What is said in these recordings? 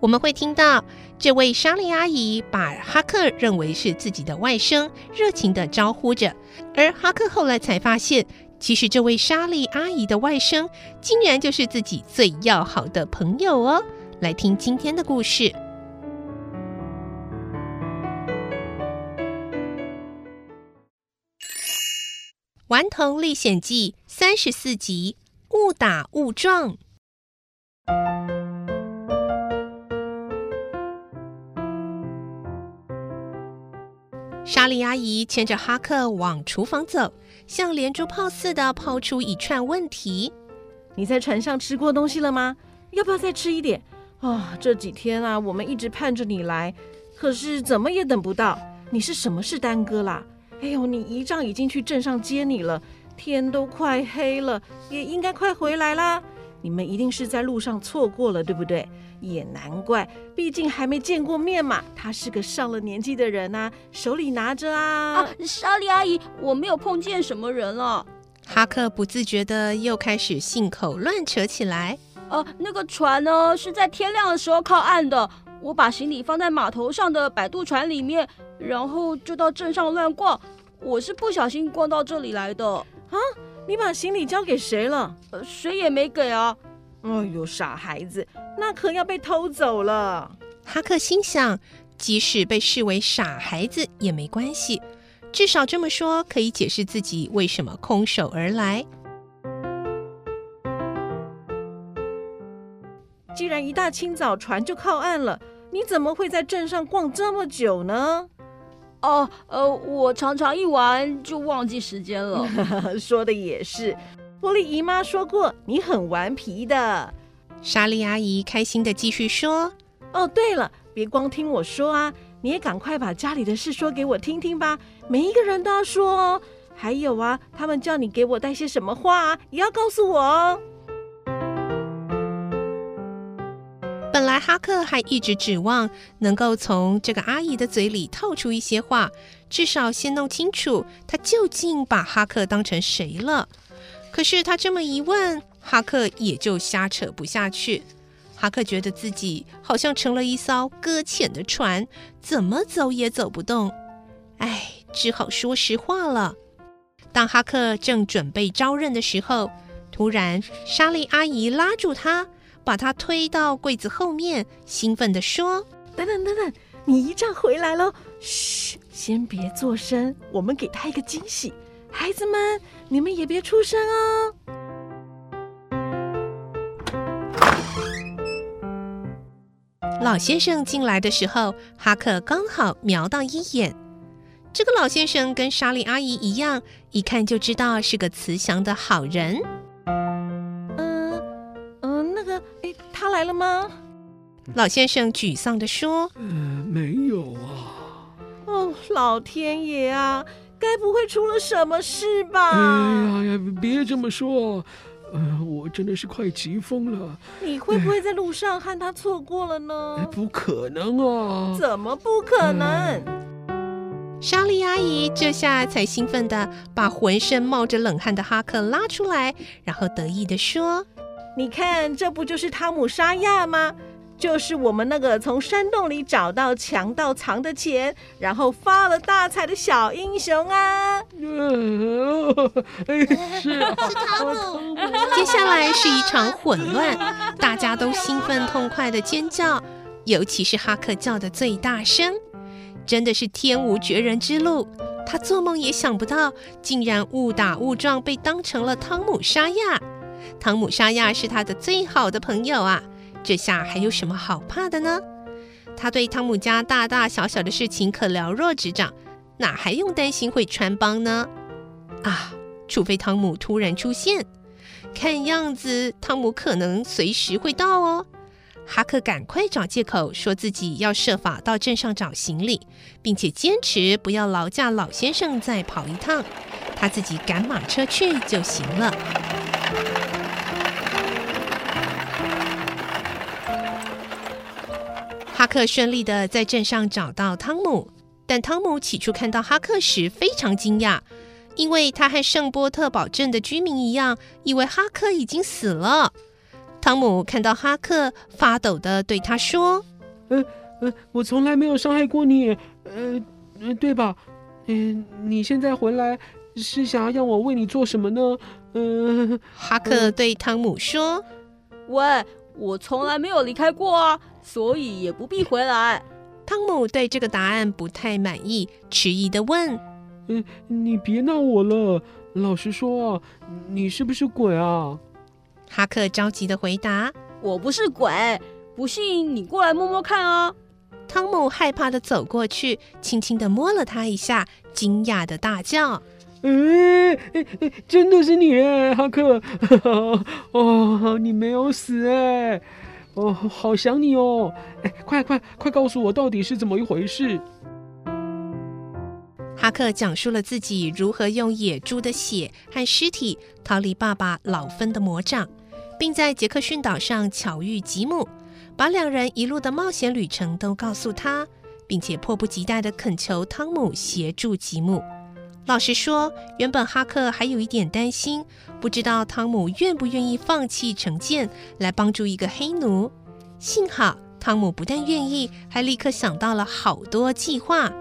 我們會聽到這位莎莉阿姨把哈克認為是自己的外甥，熱情地招呼着。而哈克後來才發現，其實這位莎莉阿姨的外甥竟然就是自己最要好的朋友哦。來聽今天的故事，《頑童歷險記》三十四集《誤打誤撞》。莎莉阿姨牽着哈克往廚房走，像連珠炮似的拋出一串問題：“你在船上吃過東西了嗎？要不要再吃一點？啊、哦，這幾天啊，我們一直盼着你來，可是怎麼也等不到。你是什麼事耽擱啦？哎呦，你姨丈已經去鎮上接你了，天都快黑了，也應該快回來啦。你們一定是在路上錯過了，對不對？”也難怪，畢竟還沒見過面嘛。他是個上了年紀的人啊，手裡拿着啊。啊，莎莉阿姨，我沒有碰見什麼人了。哈克不自覺地又開始信口亂扯起來。呃、啊，那個船呢，是在天亮的時候靠岸的。我把行李放在碼頭上的擺渡船裡面，然後就到鎮上亂逛。我是不小心逛到這裡來的。啊。你把行李交給誰了？啊、誰也沒給啊。哎呦，傻孩子，那可要被偷走了！哈克心想，即使被視為傻孩子也沒關係，至少這麼說可以解釋自己為什麼空手而來。既然一大清早船就靠岸了，你怎麼會在鎮上逛這麼久呢？哦，呃，我常常一玩就忘記時間了。 說的也是。波莉姨媽說過，你很頑皮的。莎莉阿姨開心的繼續說：“哦，對了，別光聽我說啊，你也趕快把家裡的事說給我聽聽吧。每一個人都要說哦。還有啊，他們叫你給我帶些什麼話啊，也要告訴我哦。”本來哈克還一直指望能夠從這個阿姨的嘴裡套出一些話，至少先弄清楚她究竟把哈克當成誰了。可是他這麼一問，哈克也就瞎扯不下去。哈克覺得自己好像成了一艘擱淺的船，怎麼走也走不動。哎，只好說實話了。當哈克正準備招認的時候，突然，莎莉阿姨拉住他，把他推到櫃子後面，興奮地說：“等等等等，你姨丈回來了！噓，先別做聲，我們給他一個驚喜。”孩子們，你們也別出聲哦。老先生進來的時候，哈克剛好瞄到一眼。這個老先生跟莎莉阿姨一樣，一看就知道是個慈祥的好人。嗯、呃、嗯、呃，那個，哎，他來了嗎、嗯？老先生沮喪地說：“嗯、呃，沒有啊。”哦，老天爺啊！該不會出了什麼事吧？哎呀呀，別這麼說，呃，我真的是快急瘋了。你會不會在路上和他錯過了呢？哎、不可能哦、啊！怎麼不可能？莎莉阿姨這下才興奮地把渾身冒着冷汗的哈克拉出來，然後得意地說：“你看，這不就是湯姆沙亞嗎？”就是我們那個從山洞裡找到強盜藏的錢，然後發了大財的小英雄啊！是， 接下來是一場混亂，大家都興奮痛快的尖叫，尤其是哈克叫的最大聲。真的是天無絕人之路，他做夢也想不到，竟然誤打誤撞被當成了湯姆沙亞。湯姆沙亞是他的最好的朋友啊。這下還有什麼好怕的呢？他對湯姆家大大小小的事情可了若指掌，哪還用擔心會穿幫呢？啊，除非湯姆突然出現。看樣子湯姆可能隨時會到哦。哈克趕快找借口，說自己要設法到鎮上找行李，並且堅持不要勞駕老先生再跑一趟，他自己趕馬車去就行了。特順利的在鎮上找到湯姆，但湯姆起初看到哈克時非常驚訝，因為他和聖波特堡鎮的居民一樣，以為哈克已經死了。湯姆看到哈克發抖的對他說：“呃呃，我從來沒有傷害過你，呃呃，對吧？嗯，呃，你現在回來是想要讓我為你做什麼呢？”嗯，呃，哈克對湯姆說，呃：“喂，我從來沒有離開過啊。”所以也不必回來。湯姆對這個答案不太滿意，遲疑的問：“嗯、呃，你別鬧我了，老實說啊，你是不是鬼啊？”哈克着急的回答：“我不是鬼，不信你過來摸摸看啊！”湯姆害怕的走過去，輕輕的摸了他一下，驚訝的大叫：“呃，真的是你，哈克，呵呵！哦，你沒有死哎！”哦，好想你哦！哎，快快快，告訴我到底是怎麼一回事。哈克講述了自己如何用野豬的血和屍體逃離爸爸老芬的魔掌，並在傑克遜島上巧遇吉姆，把兩人一路的冒險旅程都告訴他，並且迫不及待地懇求湯姆協助吉姆。老實說，原本哈克還有一點擔心，不知道湯姆願不願意放棄成見來幫助一個黑奴。幸好湯姆不但願意，還立刻想到了好多計劃。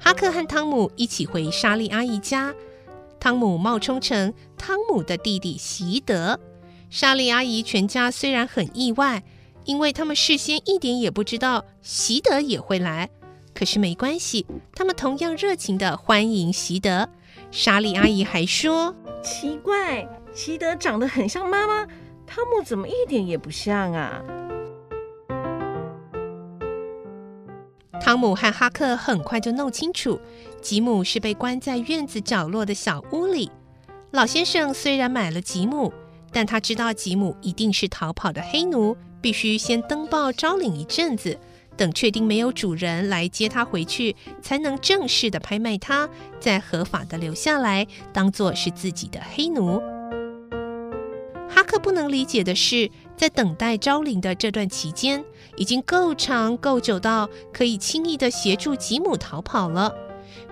哈克和湯姆一起回莎莉阿姨家，湯姆冒充成湯姆的弟弟席德。莎莉阿姨全家雖然很意外。因為他們事先一點也不知道，席德也會來。可是沒關係，他們同樣熱情的歡迎席德。莎莉阿姨還說：“奇怪，席德長得很像媽媽，湯姆怎麼一點也不像啊？”湯姆和哈克很快就弄清楚，吉姆是被關在院子角落的小屋裡。老先生雖然買了吉姆，但他知道吉姆一定是逃跑的黑奴。必須先登報招領一陣子，等確定沒有主人來接他回去，才能正式的拍賣他，再合法的留下來，當做是自己的黑奴。哈克不能理解的是，在等待招領的這段期間，已經夠長夠久到可以輕易的協助吉姆逃跑了。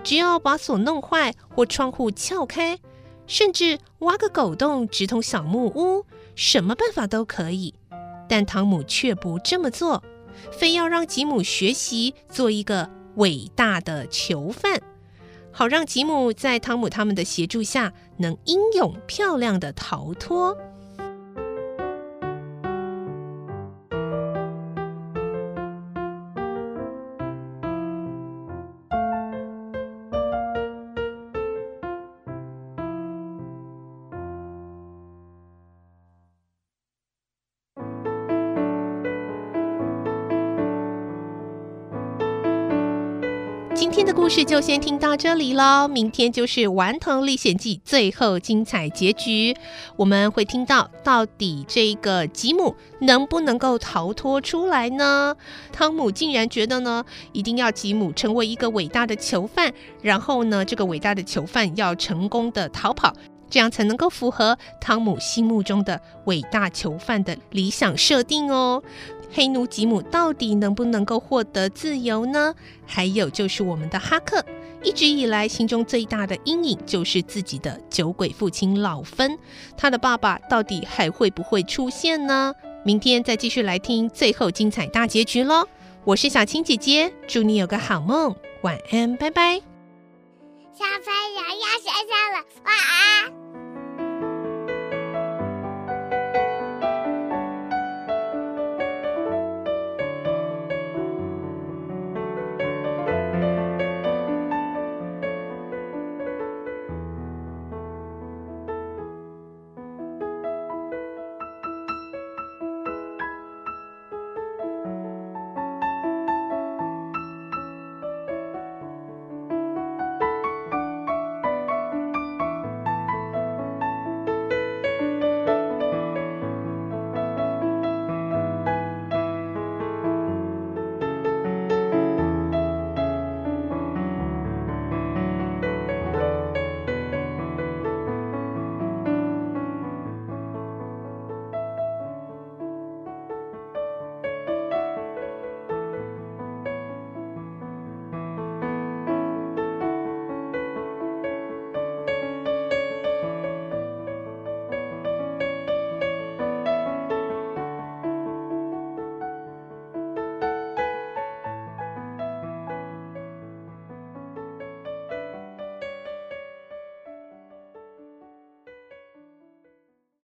只要把鎖弄壞或窗戶撬開，甚至挖個狗洞直通小木屋，什麼辦法都可以。但湯姆卻不這麼做，非要讓吉姆學習做一個偉大的囚犯，好讓吉姆在湯姆他們的協助下能英勇漂亮的逃脫。今天的故事就先聽到這裡嘍，明天就是《頑童歷險記》最後精彩結局，我們會聽到到底這個吉姆能不能夠逃脫出來呢？湯姆竟然覺得呢，一定要吉姆成為一個偉大的囚犯，然後呢，這個偉大的囚犯要成功的逃跑。這樣才能夠符合湯姆心目中的偉大囚犯的理想設定哦。黑奴吉姆到底能不能夠獲得自由呢？還有就是我們的哈克，一直以來心中最大的陰影就是自己的酒鬼父親老芬。他的爸爸到底還會不會出現呢？明天再繼續來聽最後精彩大結局嘍！我是小青姐姐，祝你有個好夢，晚安，拜拜。小朋友要睡覺了，晚安。